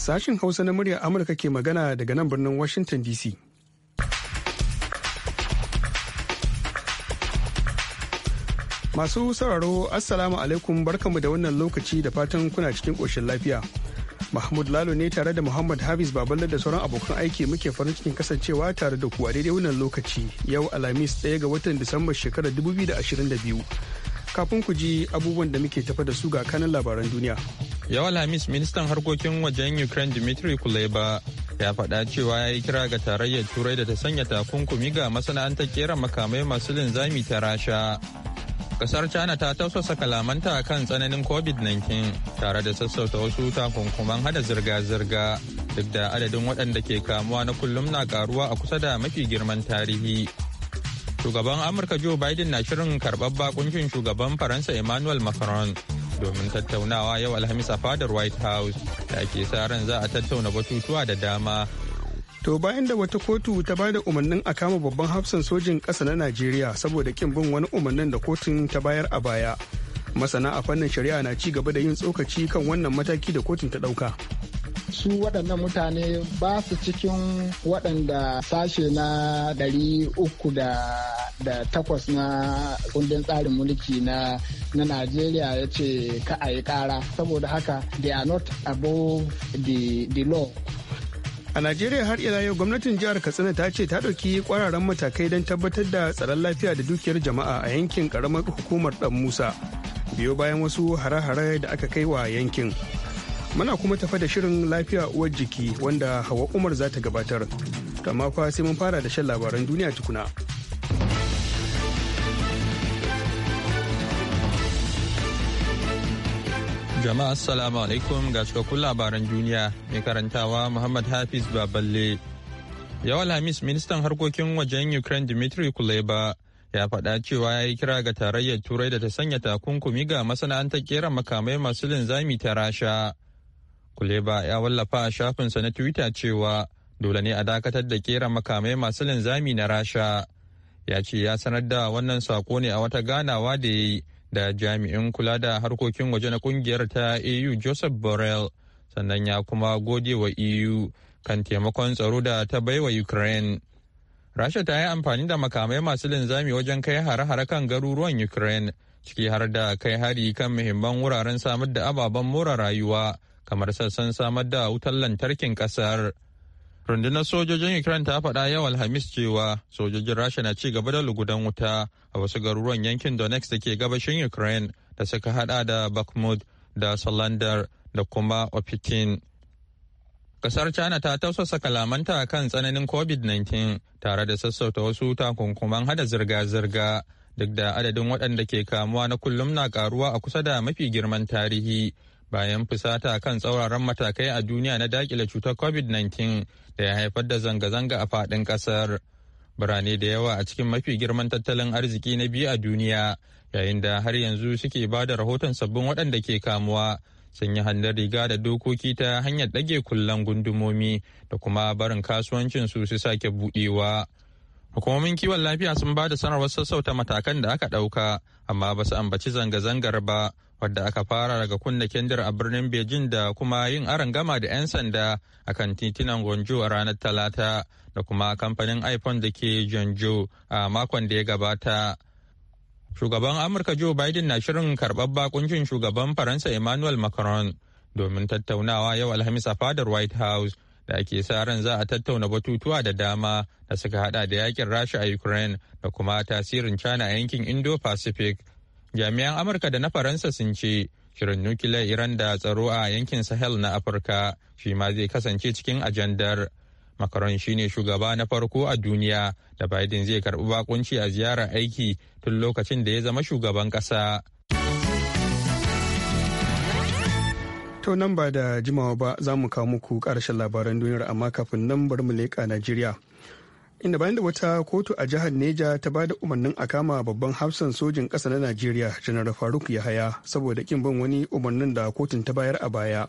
sashen Hausa na muryar Amurka ke magana daga nan birnin Washington DC. Masu sauraro Assalamu alaikum barkamu da wannan lokaci da fatan kuna cikin ƙoshin lafiya. Mahmud Lalo ne tare da Muhammad Hafiz Baballe da sauran abokan aiki muke farin cikin kasancewa tare da ku a daidai wannan lokaci yau Alhamis ɗaya ga watan Disamba shekarar 2022. kafin ku ji abubuwan da muke tafa da su ga kanan labaran duniya. yawa lamis ministan harkokin wajen Ukraine Dmitry Kuleba ya faɗa cewa ya yi kira ga tarayyar Turai da ta sanya takunkumi ga masana'antar kera makamai masu linzami ta Rasha. Kasar China ta tausasa kalamanta kan tsananin COVID-19 tare da sassauta wasu takunkuman hada zirga-zirga duk da adadin waɗanda ke kamuwa na kullum na karuwa a kusa da mafi girman tarihi. Shugaban Amurka Joe Biden na shirin karɓar bakuncin shugaban Faransa Emmanuel Macron domin tattaunawa yau Alhamis a fadar White House da ake sa ran za a tattauna batutuwa da dama. To bayan da wata kotu ta ba da umarnin a kama babban hafsan sojin ƙasa na Najeriya saboda kin bin wani umarnin da kotun ta bayar a baya. Masana a fannin shari'a na ci gaba da yin tsokaci kan wannan mataki da kotun ta ɗauka. su waɗannan mutane ba su cikin waɗanda sashe na ɗari uku da da takwas na kundin tsarin mulki na na Najeriya ya ce ka a yi kara saboda haka they are not above the, law. A Najeriya har ila yau gwamnatin jihar Katsina ta ce ta ɗauki kwararan matakai don tabbatar da tsaron lafiya da dukiyar jama'a a yankin ƙaramar hukumar ɗan Musa biyo bayan wasu hare-hare da aka kai wa yankin. Muna kuma tafa da shirin lafiya uwar jiki wanda Hawa Umar za ta gabatar. Amma fa sai mun fara da shan labaran duniya tukuna. Jama'a assalamu alaikum ga cikakkun labaran duniya mai karantawa Muhammad Hafiz Baballe. Yau Alhamis ministan harkokin wajen Ukraine Dmitry Kuleba ya faɗa cewa ya yi kira ga tarayyar turai da ta sanya takunkumi ga masana'antar kera makamai masu linzami ta rasha Kuleba ya wallafa a shafinsa na Twitter cewa dole ne a dakatar da kera makamai masu linzami na Rasha. Ya ce ya sanar da wannan sako ne a wata ganawa da ya yi da jami'in kula da harkokin waje na kungiyar ta EU Joseph Borrell sannan ya kuma gode wa EU kan taimakon tsaro da ta baiwa Ukraine. Rasha ta yi amfani da makamai masu linzami wajen kai hare-hare kan garuruwan Ukraine, ciki har da kai hari kan muhimman wuraren samar da ababen more rayuwa kamar sassan samar da wutar lantarkin kasar. Rundunar sojojin Ukraine ta faɗa yau Alhamis cewa sojojin Rasha na ci gaba da lugudan wuta a wasu garuruwan yankin Donetsk da ke gabashin Ukraine da suka haɗa da Bakhmut da Solander da kuma Opitin. Kasar China ta tausasa kalamanta kan tsananin COVID-19 tare da sassauta wasu takunkuman hada zirga-zirga duk da adadin waɗanda ke kamuwa na kullum na karuwa a kusa da mafi girman tarihi. bayan fusata kan tsauraran matakai a duniya na dakile cutar covid-19 da ya haifar da zanga-zanga a faɗin ƙasar birane da yawa a cikin mafi girman tattalin arziki na biyu a duniya yayin da har yanzu suke ba da rahoton sabbin waɗanda ke kamuwa sun yi hannun riga da dokoki ta hanyar ɗage kullan gundumomi da kuma barin kasuwancinsu su sake buɗewa. Hukumomin kiwon lafiya sun ba da sanarwar sassauta matakan da aka ɗauka, amma ba su ambaci zanga-zangar ba wadda aka fara daga kunna kendir a birnin beijing da kuma yin aron gama da 'yan sanda a kan titunan gwanjo a ranar talata da kuma kamfanin iphone da ke janjo a makon da ya gabata shugaban amurka joe biden na shirin karɓar bakuncin shugaban faransa emmanuel macron domin tattaunawa yau alhamis a fadar white house da ake sa ran za a tattauna batutuwa da dama da suka hada da yakin rasha a ukraine da kuma tasirin china a yankin indo-pacific jami'an amurka da na faransa sun ce shirin nukiliyar iran da tsaro a yankin sahel na afirka shi ma zai kasance cikin ajandar makaron shine shugaba na farko a duniya da biden zai karbi bakunci a ziyarar aiki tun lokacin da ya zama shugaban kasa to nan ba da jimawa ba za mu kawo muku karshen labaran duniyar amma kafin nan bari mu leƙa najeriya inda bayan da wata kotu a jihar neja ta ba da umarnin a kama babban hafsan sojin ƙasa na najeriya janar faruk yahaya saboda kin bin wani umarnin da kotun ta bayar a baya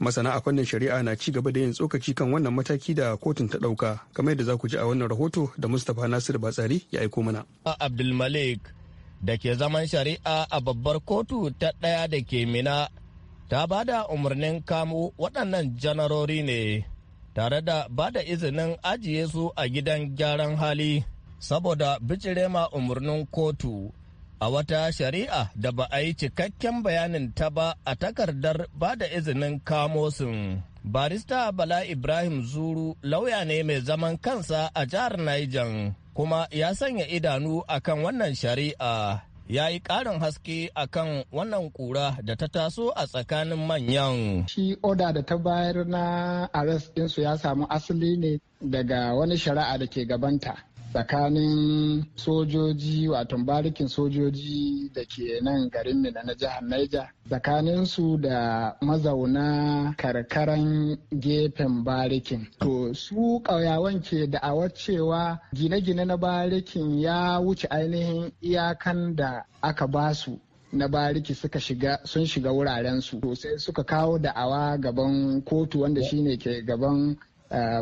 masana a fannin shari'a na ci gaba da yin tsokaci kan wannan mataki da kotun ta ɗauka kamar yadda za ku ji a wannan rahoto da mustapha nasir batsari ya aiko mana abdulmalik da ke zaman shari'a a babbar kotu ta ɗaya da ke mina ta bada umarnin kamo waɗannan janarori ne tare da ba da izinin ajiye su a gidan gyaran hali saboda bijirema umarnin kotu a wata shari'a da ba a yi cikakken bayanin ta ba a takardar ba da izinin kamosin. Barista Bala Ibrahim Zuru lauya ne mai zaman kansa a jihar Niger kuma ya sanya idanu akan wannan shari'a. ya yi ƙarin haske akan wannan ƙura da ta taso a tsakanin manyan. Shi oda da ta bayar na arrest ɗinsu ya samu asali ne daga wani shari'a da ke gabanta. tsakanin sojoji wato barikin sojoji da ke nan garin mina na jihar Naija tsakaninsu da mazauna karkaran gefen barikin. To su ƙauyawan ke da'awar cewa gine-gine na barikin ya wuce ainihin iyakan da aka basu na bariki suka shiga sun shiga wurarensu to sai suka kawo da'awa gaban kotu wanda shine ke gaban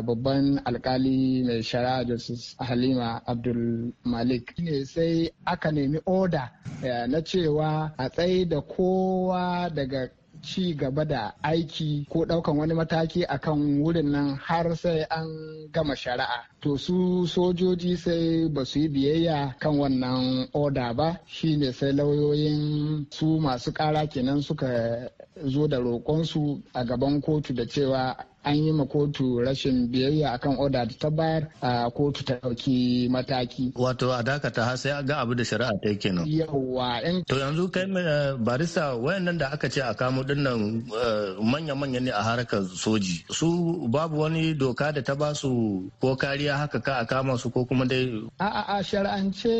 babban alkali mai shari'a justice halima abdul malik ne sai aka nemi oda eh, na cewa a tsaye da kowa daga ci gaba da aiki ko daukan wani mataki akan wurin nan har sai an gama shari'a to su sojoji sai ba su yi biyayya kan wannan oda ba shine sai lauyoyin su masu kara kenan suka zo da roƙonsu a gaban kotu da cewa an yi ma kotu rashin biyayya akan oda da ta bayar a kotu ta dauki mataki. Wato a dakata har sai ga abu da shari'a ta kenan. Yawwa. To yanzu kai eh, barista wayannan da aka ce a kamo dinnan eh, manya-manya ne a harkar soji. Su babu wani doka da ta ba su ko kariya haka ka a kama su ko kuma dai. A'a a shari'ance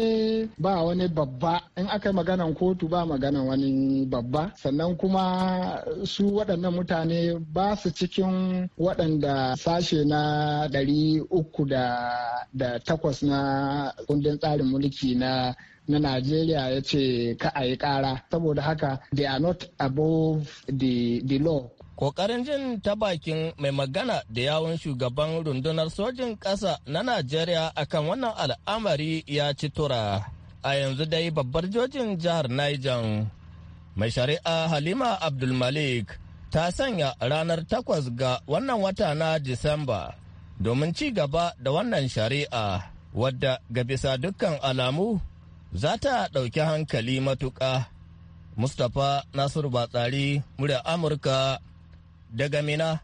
ba wani babba in aka yi maganan kotu ba maganan wani babba sannan kuma su waɗannan mutane ba su cikin waɗanda sashe na ɗari uku da takwas na kundin tsarin mulki na na Najeriya ya ce ka a yi ƙara saboda haka they are not above the, the law. Kokarin jin ta bakin mai magana da yawon shugaban rundunar sojin ƙasa na Najeriya akan wannan al'amari ya ci tura. A yanzu dai babbar jojin jihar Niger. Mai shari'a Halima Abdulmalik ta sanya ranar takwas ga wannan wata na Disamba domin ci gaba da wannan shari'a wadda ga bisa dukkan alamu za ta ɗauki hankali matuƙa. Mustapha Nasiru Batsari, murya Amurka daga Mina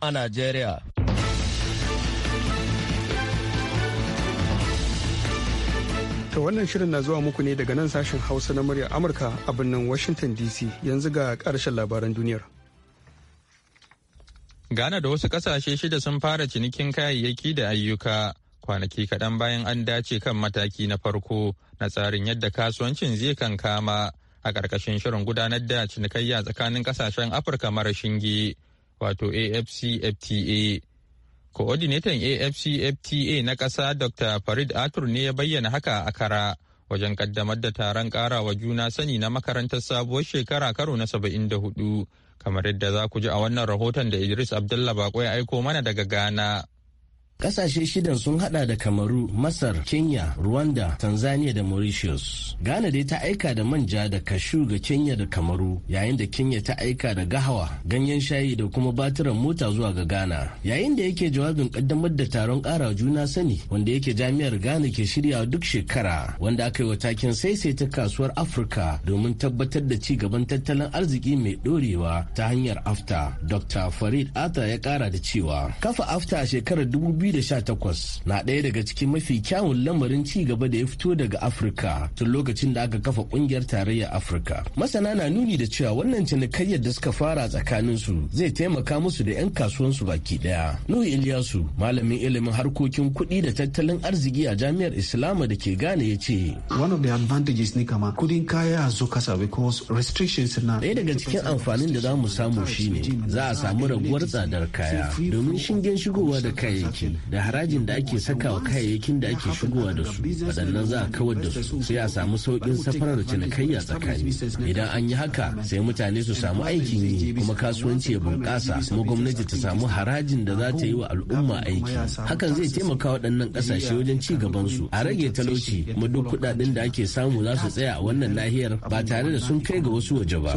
a Najeriya. To wannan shirin na zuwa muku ne daga nan sashen Hausa na muryar Amurka a birnin Washington DC yanzu ga karshen labaran duniyar. Ghana da wasu ƙasashe shida sun fara cinikin kayayyaki da ayyuka kwanaki kaɗan bayan an dace kan mataki na farko na tsarin yadda kasuwancin zai kan kama a ƙarƙashin shirin gudanar da cinikayya tsakanin ƙasashen Afirka mara shinge wato AFCFTA Coordinator AFCFTA na ƙasa Dr. Farid Atur ne ya bayyana haka a kara wajen kaddamar da taron ƙarawa juna sani na makarantar sabuwar shekara karo na 74 kamar yadda za ku ji a wannan rahoton da Idris Abdullah Bako ya aiko mana daga Ghana. Ƙasashe shidan sun hada da Kamaru, Masar, Kenya, Rwanda, Tanzania da Mauritius. Ghana dai ta aika da manja da kashu ga Kenya da Kamaru, yayin da Kenya ta aika da gahawa, ganyen shayi da kuma batiran mota zuwa ga Ghana. Yayin da yake jawabin kaddamar da taron ƙara juna sani wanda yake jami'ar Ghana ke shirya duk shekara, wanda aka yi wa takin saisaita kasuwar Afirka domin tabbatar da ci gaban tattalin arziki mai ɗorewa ta hanyar AFTA. Dr. Farid Ata ya ƙara da cewa, kafa AFTA a shekarar 2000 2018 na ɗaya daga cikin mafi kyawun lamarin ci gaba da ya fito daga Afirka tun lokacin da aka kafa kungiyar tarayyar Afirka. Masana na nuni da cewa wannan cinikayyar da suka fara tsakanin su zai taimaka musu da 'yan kasuwansu baki daya. Nuhu Ilyasu, malamin ilimin harkokin kuɗi da tattalin arziki a jami'ar Islama da ke gane ya ce. na. Ɗaya daga cikin amfanin da za mu samu shine za a samu raguwar tsadar kaya domin shingen shigowa da kayayyaki da harajin da ake saka wa kayayyakin da ake shigowa da su waɗannan za a kawar da su sai a samu sauƙin safarar cinikayya tsakani idan an yi haka sai mutane su samu aikin yi kuma kasuwanci ya bunƙasa kuma gwamnati ta samu harajin da za ta yi wa al'umma aiki hakan zai taimaka waɗannan ƙasashe wajen ci gaban su a rage talauci kuma duk kuɗaɗen da ake samu za su tsaya a wannan nahiyar ba tare da sun kai ga wasu waje ba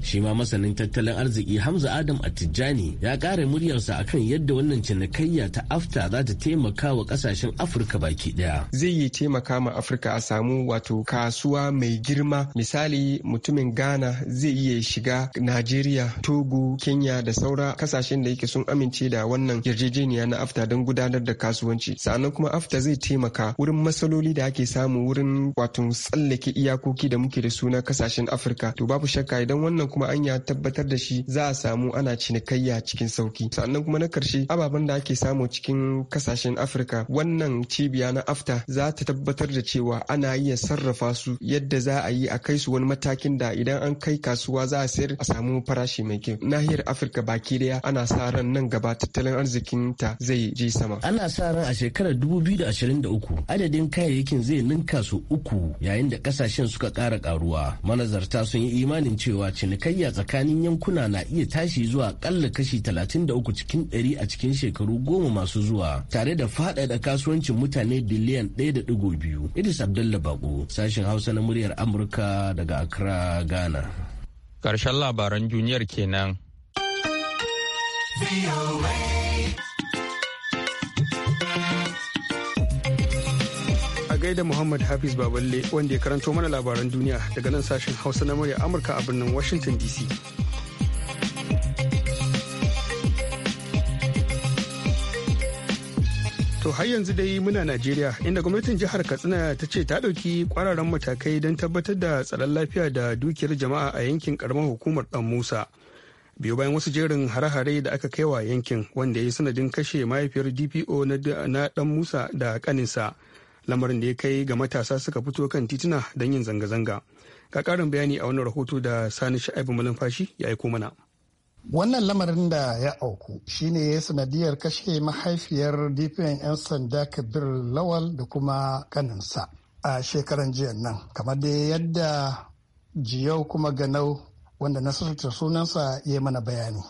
shi ma masanin tattalin arziki hamza adam a tijjani ya ƙara muryarsa akan yadda wannan cinikayya cinikayya ta afta za ta taimaka wa kasashen afirka baki daya zai yi taimaka ma afirka a samu wato kasuwa mai girma misali mutumin ghana zai iya shiga nigeria togo kenya da saura kasashen da yake sun amince da wannan yarjejeniya na afta don gudanar da kasuwanci sannan kuma afta zai taimaka wurin matsaloli da ake samu wurin wato tsallake iyakoki da muke da su na kasashen afirka to babu shakka idan wannan kuma an ya tabbatar da shi za a samu ana cinikayya cikin sauki sannan kuma na ƙarshe ababen da ake samu cikin kasashen afirka wannan cibiya na afta za ta tabbatar da cewa ana iya sarrafa su yadda za a yi a kai su wani matakin da idan an kai kasuwa za a sayar a samu farashi mai kyau nahiyar afirka baki daya ana sa ran nan gaba tattalin arzikin ta zai je sama ana sa ran a shekarar 2023 adadin kayayyakin zai ninka su uku yayin da kasashen suka kara karuwa manazarta sun yi imanin cewa cinikayya tsakanin yankuna na iya tashi zuwa kalla kashi 33 cikin 100 a cikin shekaru shekaru goma masu zuwa tare da faɗaɗa kasuwancin mutane biliyan ɗaya da ɗigo biyu. Idris Abdullah Bako sashen Hausa na muryar Amurka daga Accra, Ghana. Karshen labaran duniyar kenan. gaida Muhammad Hafiz Baballe wanda ya karanto mana labaran duniya daga nan sashen Hausa na murya Amurka a birnin Washington DC. To har yanzu dai muna Najeriya inda gwamnatin jihar Katsina ta ce ta ɗauki kwararan matakai don tabbatar da tsaron lafiya da dukiyar jama'a a yankin karamar hukumar Dan Musa. Biyu bayan wasu jerin hare-hare da aka kai wa yankin wanda ya yi sanadin kashe mahaifiyar DPO na Dan Musa da kaninsa. Lamarin da ya kai ga matasa suka fito kan tituna don yin zanga-zanga. ka ƙarin bayani a wani rahoto da Sani Sha'ibu Malumfashi ya aiko mana. wannan lamarin da ya auku shine ya sanadiyar kashe mahaifiyar dpn 'yan sanda kabir lawal da kuma kaninsa a shekaran jiyan nan kamar da yadda jiyau kuma ganau wanda na sunansa ya mana bayani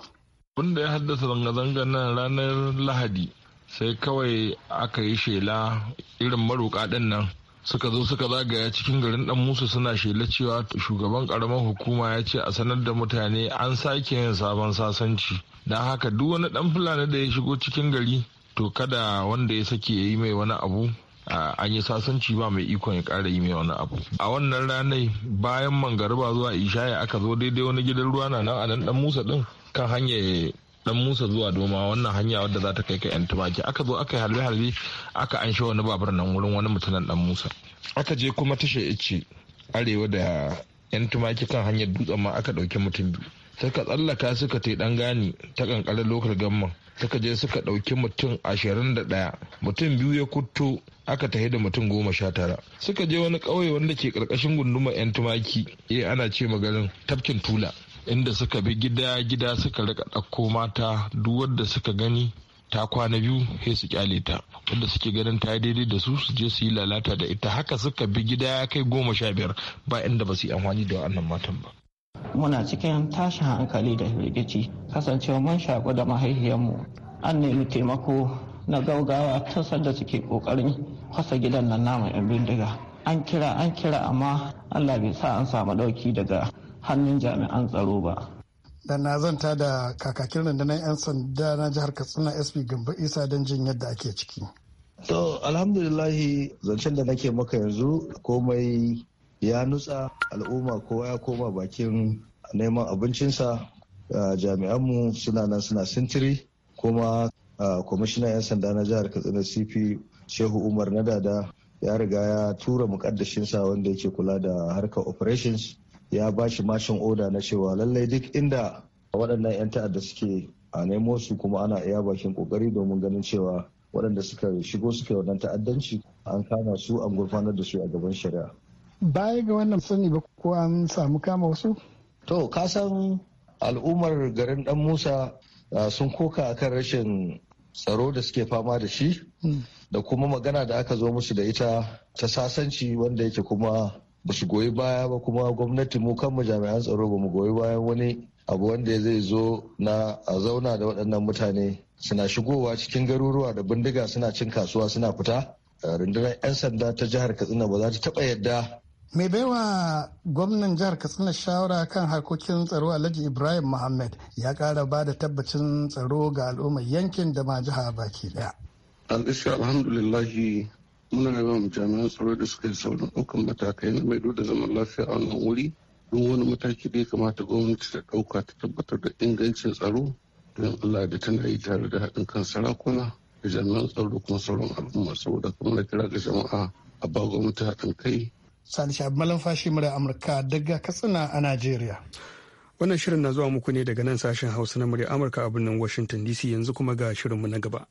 Wanda ya haddasa zanga-zangar nan ranar lahadi sai kawai aka yi shela irin ɗin nan suka zo suka zagaya cikin garin dan musu suna shela cewa shugaban karamar hukuma ya ce a sanar da mutane an sake yin sabon sasanci don haka duk wani dan fulani da ya shigo cikin gari to kada wanda ya sake ya yi mai wani abu an yi sasanci ba mai ikon ya kara yi mai wani abu a wannan ranar bayan mangariba zuwa ishaya aka zo daidai wani gidan ruwa na nan a nan dan musa din kan hanyar dan musa zuwa doma wannan hanya wadda za ta kai ka yan tumaki aka zo aka yi halbe halbe aka an shi wani babur nan wurin wani mutumin dan musa aka je kuma tashar ice arewa da yan tumaki kan hanyar dutsen ma aka dauki mutum biyu ka tsallaka suka tai dan gani ta kankarar lokal gamman suka je suka ɗauki mutum ashirin da ɗaya mutum biyu ya kutto aka tahi da mutum goma sha tara suka je wani ƙauye wanda ke karkashin gunduma 'yan tumaki eh ana ce maganin tafkin tula inda suka bi gida-gida suka rika ɗauko mata duk wadda suka gani ta kwana biyu sai su kyale ta wanda suke ganin ta daidai da su su je su yi lalata da ita haka suka bi gida ya kai goma sha biyar ba inda ba su yi amfani da wannan matan ba. muna cikin tashin hankali da rikici kasancewa mun shaƙu da mahaihiyarmu an nemi taimako na gaugawa ta sanda suke ƙoƙarin kwasa gidan nan namu yan bindiga an kira an kira amma allah bai sa an samu ɗauki daga hannun jami'an tsaro ba. da na zanta da kakakin rundunar 'yan sanda na jihar katsina sp gambo isa don jin yadda ake ciki to alhamdulillahi zancen da nake maka yanzu komai ya nutsa al'umma kowa ya koma bakin neman abincinsa jami'anmu suna nan suna sintiri kuma kwamishinan 'yan sanda na jihar katsina cp shehu umar na dada ya riga ya tura mukaddashinsa wanda yake kula da harkar operations ya ba shi mashin oda na cewa lallai duk inda waɗannan 'yan ta'adda suke a nemo su kuma ana iya bakin kokari domin ganin cewa waɗanda suka shigo suke waɗannan wannan ta'addanci an kama su an gurfanar da su a gaban shari'a. Baya ga wannan sani ba ko an samu kama wasu? To, kasan al'ummar garin Dan Musa ah, sun koka kan rashin tsaro da suke fama da shi hmm. da kuma magana da aka zo musu da ita ta sasanci wanda yake kuma ba su goyi baya ba kuma gwamnati mu kanmu jami'an tsaro ba mu goyi bayan wani abu wanda zai zo na a zauna da waɗannan mutane suna shigowa cikin garuruwa da bindiga suna cin kasuwa suna fita eh, rundunar 'yan sanda ta jihar katsina ba za ta taɓa yadda mai baiwa gwamnan jihar katsina shawara kan harkokin tsaro alhaji ibrahim muhammad ya kara ba da tabbacin tsaro ga al'ummar yankin da ma jiha baki daya alhamdulillahi muna yaba mu jami'an tsaro da suka yi saurin ɗaukan matakai na maido da zaman lafiya a wannan wuri don wani mataki da ya kamata gwamnati ta ɗauka ta tabbatar da ingancin tsaro don Allah da tana yi tare da haɗin kan sarakuna da jami'an tsaro kuma sauran al'umma saboda kuma na kira ga jama'a a ba gwamnati haɗin kai. Sani malam fashi murya Amurka daga Katsina a nigeria. Wannan shirin na zuwa muku ne daga nan sashen Hausa na murya Amurka a birnin Washington DC yanzu kuma ga shirinmu na gaba.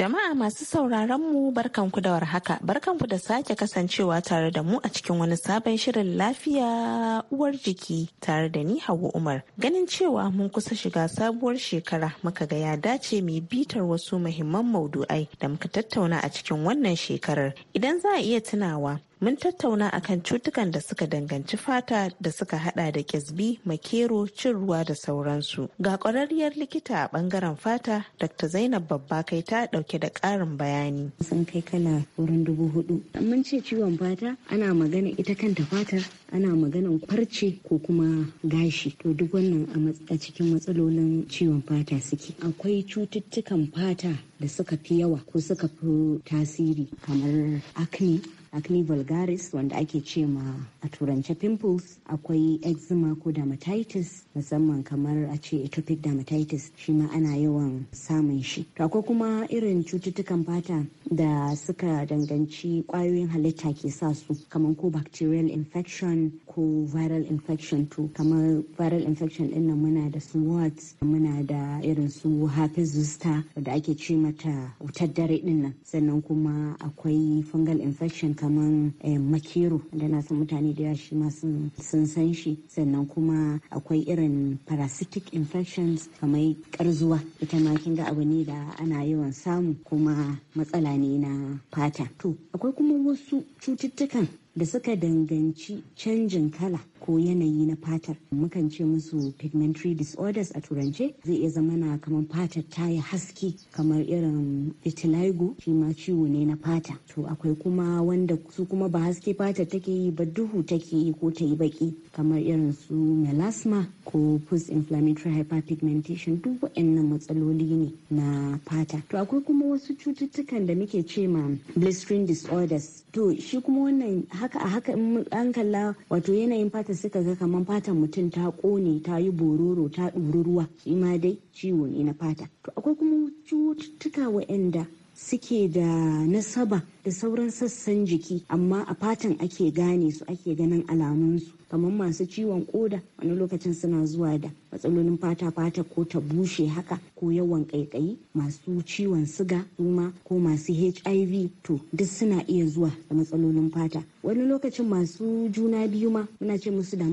Jama'a masu sauraron mu barkanku da warhaka, barkanku da sake kasancewa tare da mu a cikin wani sabon shirin lafiya uwar jiki tare da ni Hauwa Umar. Ganin cewa mun kusa shiga sabuwar shekara muka ga ya dace mu bitar wasu muhimman maudu'ai da muka tattauna a cikin wannan shekarar. Idan za a iya tunawa, mun tattauna akan cutukan da suka danganci fata da suka hada da kyasbi makero cin ruwa da sauransu ga kwararriyar likita a bangaren fata dr zainab babba kai ta dauke da karin bayani sun kai kala wurin dubu hudu mun ce ciwon fata ana magana ita kanta fata, ana maganan farce ko kuma gashi to duk wannan a cikin matsalolin ciwon fata suke akwai cututtukan fata da suka fi yawa ko suka fi tasiri kamar acne acne vulgaris wanda ake ce ma a turance pimples akwai eczema ko dermatitis musamman kamar a ce atopic dermatitis shi ma ana yawan samun shi to akwai kuma irin cututtukan fata da suka danganci kwayoyin halitta ke sa su kamar ko bacterial infection ko viral infection to kamar viral infection din muna da su wards muna da irin su herpes zoster da ake ce mata wutar dare din nan sannan kuma akwai fungal infection kamar eh, makero da na san mutane da yashi shi ma sun san shi sannan kuma akwai irin parasitic infections kamar karzuwa ita ma kin ga abu ne da ana yawan samu kuma matsala ne na fata to akwai kuma wasu cututtukan da suka danganci canjin kala ko yanayi na fatar mukan ce musu pigmentary disorders a turance zai iya zama na kamar fatar ta yi haske kamar irin vitiligo shi ma ciwo ne na fata to akwai kuma wanda su kuma ba haske fatar take yi ba duhu take yi ko ta yi baki kamar irin su melasma ko post inflammatory hyperpigmentation duk waɗannan matsaloli ne na fata to akwai kuma wasu cututtukan da muke ce ma blistering disorders to shi kuma wannan haka a haka in an kalla wato yanayin fata suka ga kamar fatan mutum ta kone ta yi bororo ta ɗuri ruwa shi ma dai ciwo ne na fata to akwai kuma cututtuka waɗanda suke da nasaba da sauran sassan jiki amma a fatan ake gane su ake ganin alamunsu kamar masu ciwon koda wani lokacin suna zuwa da matsalolin fata fata ko ta bushe haka ko yawan kaikayi masu ciwon siga kuma ko masu hiv to duk suna iya zuwa da matsalolin fata wani lokacin masu juna biyu ma muna ce musu da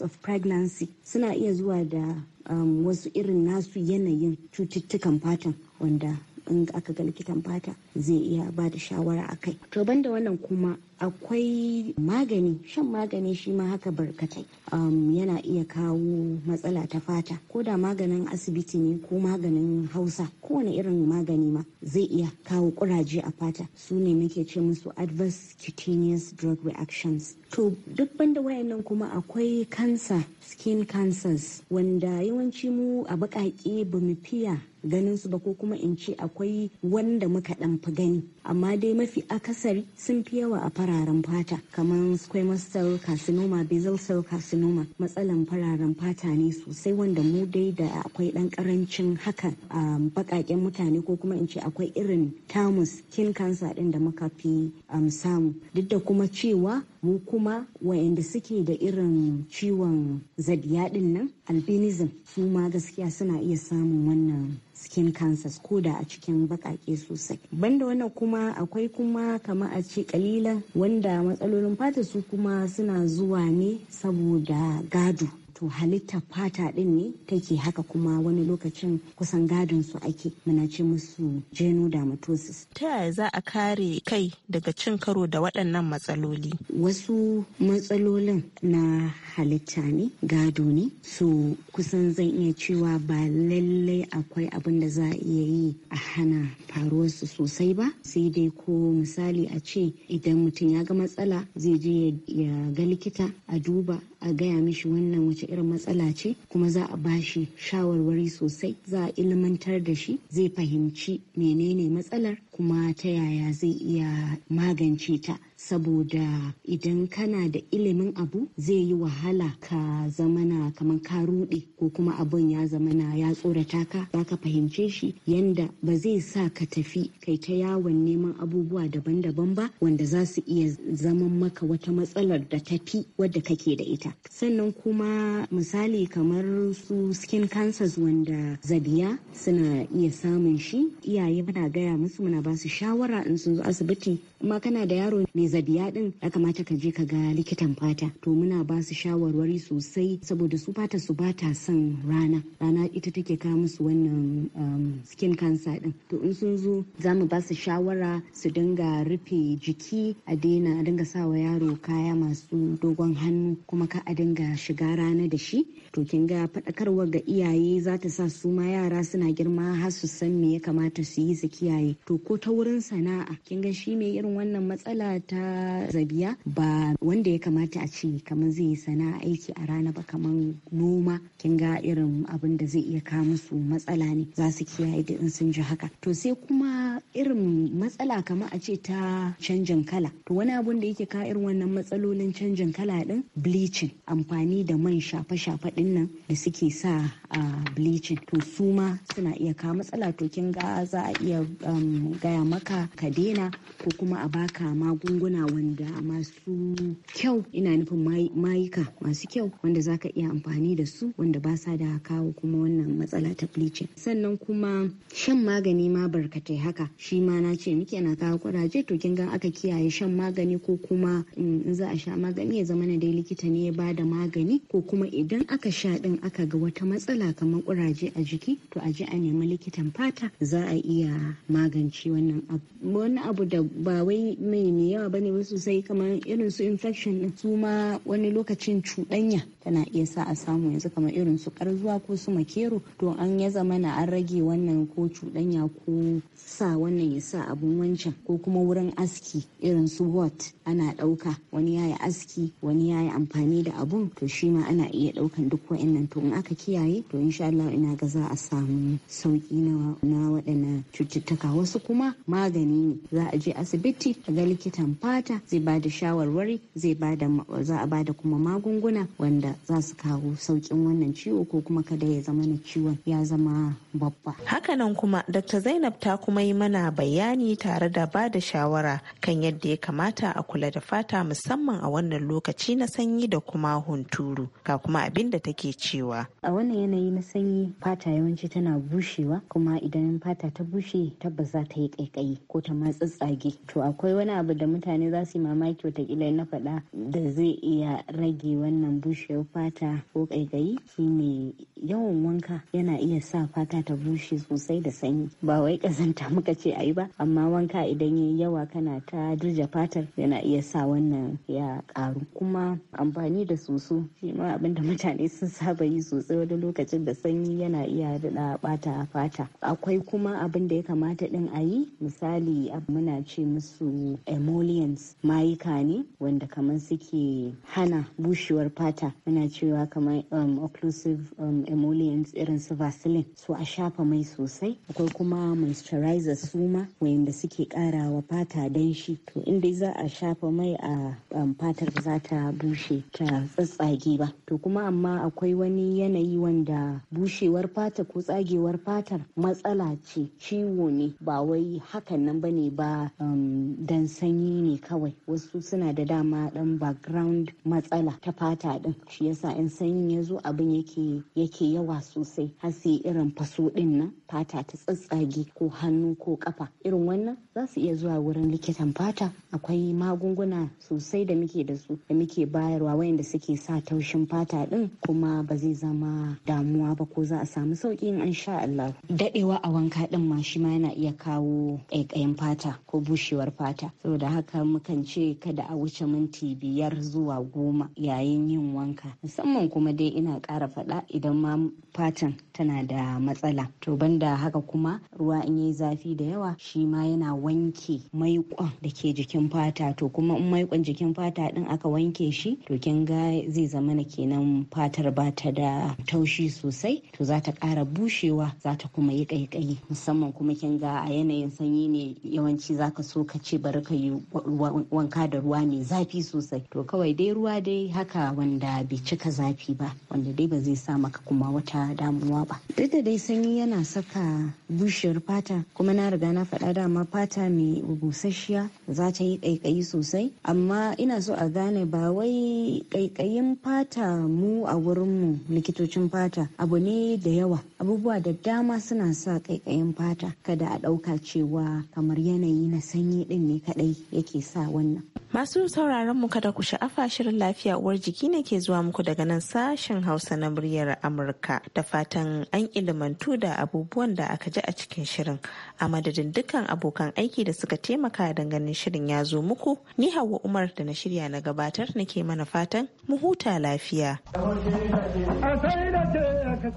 of pregnancy suna iya zuwa da um, wasu irin nasu yanayin cututtukan fatan wanda in aka ga likitan fata zai iya ba da shawara a kai to banda wannan kuma akwai magani shan magani shi ma haka barkatai um, yana iya kawo matsala ta fata ko da maganin asibiti ne ko maganin hausa kowane irin magani ma zai iya kawo kuraje a fata su ne muke ce musu adverse cutaneous drug reactions to duk banda wayannan kuma akwai cancer skin cancers wanda yawanci mu a baƙaƙe bamu fiya ganin su ba ko kuma in ce akwai wanda muka dan fi gani amma dai mafi akasari sun fi yawa a fararen fata kamar squamous cell carcinoma basal cell carcinoma matsalan fararen fata ne sosai wanda mu dai da akwai dan karancin haka a bakaken mutane ko kuma in ce akwai irin tamus kin cancer din da muka fi um, samu duk da kuma cewa mu kuma wa'anda suke da irin ciwon zadiya nan albinism su ma gaskiya suna iya samun wannan skin cancers ko da a cikin bakake sosai banda wannan kuma akwai kuma kama a ce kalilan wanda matsalolin fata su kuma suna zuwa ne saboda gado to halitta fata din ne take haka kuma wani lokacin kusan gadon su ake muna ce musu matosis. ta yaya za a kare kai daga cin karo da waɗannan matsaloli wasu matsalolin na halitta ne gado ne su kusan zan iya cewa ba lallai akwai abin da za a iya yi a hana faruwarsu sosai ba sai dai ko misali a ce idan mutum ya ga matsala zai je ya ga likita a duba a gaya mishi wannan wace irin matsala ce kuma za a bashi shawarwari sosai za a ilmantar da shi zai fahimci menene matsalar kuma ta yaya zai iya magance ta saboda idan kana da ilimin abu zai yi wahala ka zamana kamar ka rude ko kuma abun ya zamana ya tsorata ka ka fahimce shi yanda ba zai sa ka tafi kai ta yawon neman abubuwa daban-daban ba wanda za su iya zaman maka wata matsalar da tafi wadda kake da ita sannan kuma misali kamar su skin cancers wanda zabiya suna iya samun shi iyaye muna gaya musu muna ba su shawara in sun zo asibiti amma kana da yaro mai zabiya din ya kamata ka je ka ga likitan fata to muna ba su shawarwari sosai saboda su fata su bata son rana rana ita take kawo musu wannan um, skin cancer din to in sun zo za mu ba su shawara su dinga rufe jiki a daina a dinga sawa yaro kaya masu dogon hannu kuma ka a dinga shiga rana da shi to kin ga faɗakarwa ga iyaye za ta sa su ma yara suna girma har su san me ya kamata su yi su kiyaye to ko ta wurin sana'a kin ga shi mai irin irin wannan matsala ta zabiya ba wanda ya kamata a ce kamar zai sana'a aiki a rana ba kamar noma kin ga irin abin da zai iya kawo musu matsala ne za su kiyaye da in sun ji haka to sai kuma irin matsala kama a ce ta canjin kala to wani abun da yake ka irin wannan matsalolin canjin kala din bleaching amfani da man shafe-shafe din nan da suke sa a bleaching to su ma suna iya ka matsala to kin ga za a iya um, gaya maka ka daina ko kuma a baka magunguna wanda masu kyau ina nufin mayuka masu kyau wanda za ka iya amfani da su wanda ba sa da kawo kuma wannan matsala ta bleaching sannan kuma shan magani ma barkatai haka shi ma na ce miki yana kawo kuraje to kin gan aka kiyaye shan magani ko kuma mm, in za a sha magani ya zama na dai likita ne ya ba da magani ko kuma idan aka sha din aka ga wata matsala kamar kuraje a jiki to a je a nemi likitan fata za a iya magance wannan abu wani abu da ba wai mai mai yawa bane wasu sai kamar irin su infection din su ma wani lokacin cuɗanya tana iya sa a samu yanzu kamar irin su karzuwa ko su makero to an ya zama na an rage wannan ko cuɗanya ko sawa. wannan ya sa abun wancan ko kuma wurin aski irin su wat ana ɗauka wani yayi aski wani yayi amfani da abun to shi ma ana iya ɗaukan duk wa'annan to in aka kiyaye to insha Allah ina ga za a samu sauki na waɗannan cututtuka wasu kuma magani ne za a je asibiti ga likitan fata zai ba da shawarwari zai ba da za a ba da kuma magunguna wanda za su kawo saukin wannan ciwo ko kuma kada ya zama na ciwon ya zama babba hakanan kuma dr zainab ta kuma yi mana yana bayani tare da ba da shawara kan yadda ya kamata a kula da fata musamman a wannan lokaci na sanyi da kuma hunturu ga kuma abin da take cewa a wannan yanayi na sanyi fata yawanci tana bushewa kuma idan fata ta bushe tabbas za ta yi kaikayi ko ta matsatsage to akwai wani abu da mutane za su yi mamaki watakila na faɗa da zai iya rage wannan bushewar fata ko kaikayi shine yawan wanka yana iya sa fata ta bushe sosai da sanyi ba wai kazanta muka ce ce a yi ba amma wanka idan yayi yawa kana ta dirja fatar yana iya sa wannan ya karu kuma amfani da soso shi ma abin mutane sun saba yi sosai wani lokacin da sanyi yana iya daɗa bata fata akwai kuma abin da ya kamata din a yi misali muna ce musu emollients mayuka ne wanda kamar suke hana bushewar fata muna cewa kamar um, occlusive um, emollients irin su vaseline so a shafa mai sosai akwai kuma moisturizers su suma wayanda suke karawa fata shi to inda za a shafa mai a um, fatar za ta bushe ta tsatsage ba to kuma amma akwai wani yanayi wanda bushewar fata ko tsagewar fatar matsala ce ciwo ne ba wai hakan nan bane ba um, dan sanyi ne kawai wasu suna da dama dan background matsala ta fata din shi yasa in sanyi ya zo abin yake yake yawa sosai har sai irin faso din nan fata ta tsatsage ko hannu ko kafa irin wannan za su iya zuwa wurin likitan fata akwai magunguna sosai da muke da su da muke bayarwa wayanda suke sa taushin fata din kuma ba zai zama damuwa ba ko za a samu sauki in an sha Allah dadewa a wanka din ma shi ma yana iya kawo ƙaiƙayin fata ko bushewar fata saboda haka mukan ce kada a wuce minti biyar zuwa goma yayin yin wanka musamman kuma dai ina ƙara faɗa idan ma fatan tana da matsala to banda haka kuma ruwa in yi zafi da yawa shi ma yana wanke maiƙon da ke jikin fata to kuma in maikon jikin fata din aka wanke shi to kin ga zai zama na kenan fatar ba ta da taushi sosai to za ta ƙara bushewa za ta kuma yi ƙaiƙayi musamman kuma kin ga a yanayin sanyi ne yawanci za ka so ka ce bari ka yi wanka da ruwa mai zafi sosai to kawai dai ruwa dai haka wanda bai cika zafi ba wanda dai ba zai sa maka kuma wata damuwa ba duk da dai sanyi yana saka bushewar fata kuma na riga na faɗa dama fata mai busasshiya za ta yi ƙaiƙayi sosai amma ina so a gane ba wai ƙaiƙayin fata mu a wurinmu likitocin fata abu ne da yawa abubuwa da dama suna sa ƙaiƙayin fata kada a ɗauka cewa kamar yanayi na sanyi ɗin ne kaɗai yake sa wannan Masu sauraron mu kada ku sha'afa shirin lafiya uwar jiki ne ke zuwa muku daga nan sashen Hausa na muryar Amurka da fatan an ilimantu da abubuwan da aka ji a cikin shirin. A madadin dukkan abokan aiki da suka taimaka ganin shirin ya zo muku, ni Hauwa Umar da na shirya na gabatar nake mana fatan mu huta lafiya.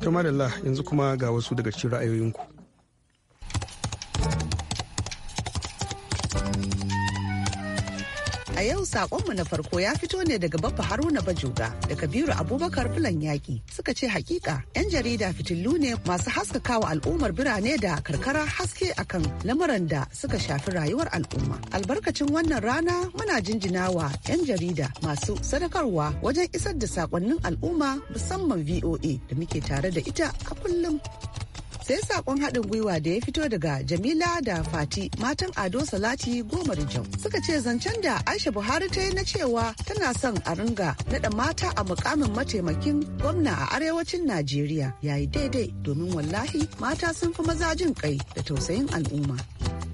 Kamar yanzu kuma ga wasu daga cikin ra'ayoyinku. A yau sakonmu na farko ya fito ne daga babba Haruna Bajoga da Kabiru Abubakar Fulan Yaki suka ce hakika 'yan jarida fitillu ne masu haskakawa al'ummar birane da karkara haske akan lamuran da suka shafi rayuwar al'umma. Albarkacin wannan rana muna jinjinawa 'yan jarida masu sadakarwa wajen isar da sakonnin al'umma musamman VOA da muke tare da ita a kullum. sai sakon haɗin gwiwa da ya fito daga jamila da fati matan ado salati goma rijau suka ce zancen da aisha buhari ta yi na cewa tana son a ringa naɗa mata a mukamin mataimakin gwamna a arewacin najeriya yayi daidai domin wallahi mata sun fi maza jin kai da tausayin al'umma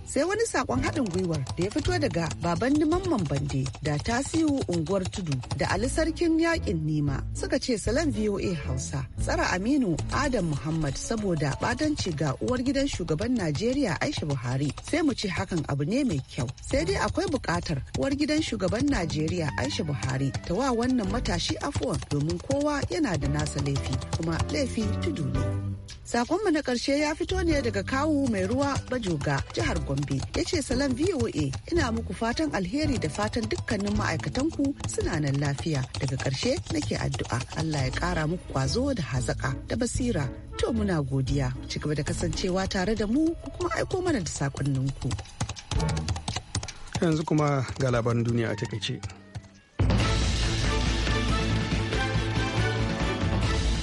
sai wani sakon haɗin gwiwar da ya fito daga baban liman bande da tasiu unguwar tudu da ali sarkin yakin nema suka ce salon voa hausa tsara aminu adam muhammad saboda ɓatan sasanci ga uwar gidan shugaban Najeriya Aisha Buhari sai mu ce hakan abu ne mai kyau. Sai dai akwai bukatar uwar gidan shugaban Najeriya Aisha Buhari ta wa wannan matashi afuwan domin kowa yana da nasa laifi kuma laifi tudu ne. Sakonmu na ƙarshe ya fito ne daga kawu mai ruwa bajoga jihar Gombe. Ya ce salam VOA ina muku fatan alheri da fatan dukkanin ma'aikatanku suna nan lafiya. Daga ƙarshe nake addu'a Allah ya kara muku kwazo da hazaka da basira. To muna godiya. cigaba da kasancewa tare da mu kuma aiko mana da sakonninku. Yanzu kuma ga labaran duniya a takaice.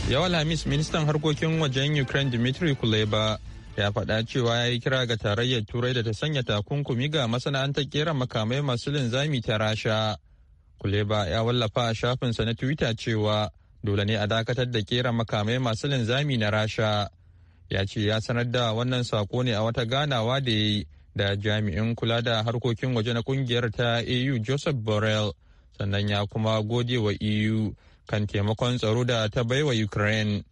Yawa Lamis ministan harkokin wajen Ukraine Dmitry Kuleba ya faɗa cewa ya yi kira ga tarayyar Turai da ta sanya takunkumi ga masana'antar kera makamai masu linzami ta Rasha. Kuleba ya wallafa a shafinsa na Twitter cewa dole ne a dakatar da kera makamai masu linzami na Rasha. Ya ce ya sanar da wannan sako ne a wata ganawa da ya yi da jami'in kula da harkokin waje na kungiyar ta AU Joseph Borrell sannan ya kuma gode wa EU kan taimakon tsaro da ta baiwa Ukraine.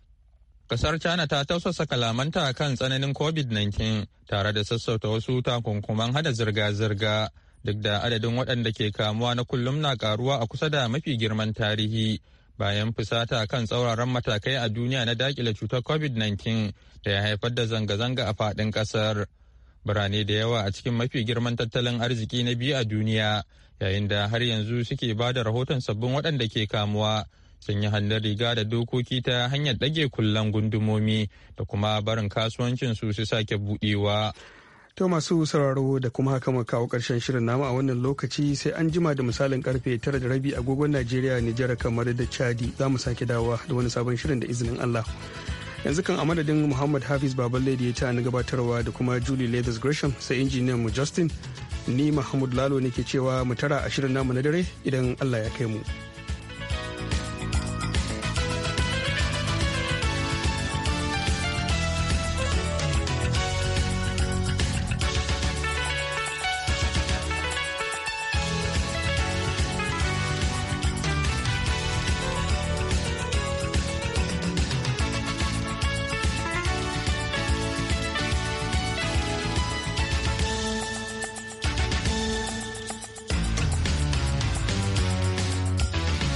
Kasar China ta tausasa kalamanta kan tsananin COVID-19 tare da sassauta wasu takunkuman hada zirga-zirga duk da adadin waɗanda ke kamuwa na kullum na karuwa a kusa da mafi girman tarihi bayan fusata kan tsauraran matakai a duniya na dakile cutar COVID-19 da ya haifar da zanga-zanga a faɗin ƙasar. Birane da yawa a cikin mafi girman tattalin arziki na biyu a duniya yayin da har yanzu suke ba da rahoton sabbin waɗanda ke kamuwa sun yi hannun riga da dokoki ta hanyar ɗage kullan gundumomi da kuma barin kasuwancin su su sake buɗewa. To masu sauraro da kuma haka mu kawo ƙarshen shirin namu a wannan lokaci sai an jima da misalin karfe tara da rabi agogon Najeriya Nijar kamar da Chadi za mu sake dawowa da wani sabon shirin da izinin Allah. Yanzu kan a Muhammad Hafiz babal da ya ta na gabatarwa da kuma Julie Leathers Gresham sai injiniyan mu Justin ni Mahmud Lalo ke cewa mu tara a shirin namu na dare idan Allah ya kai mu.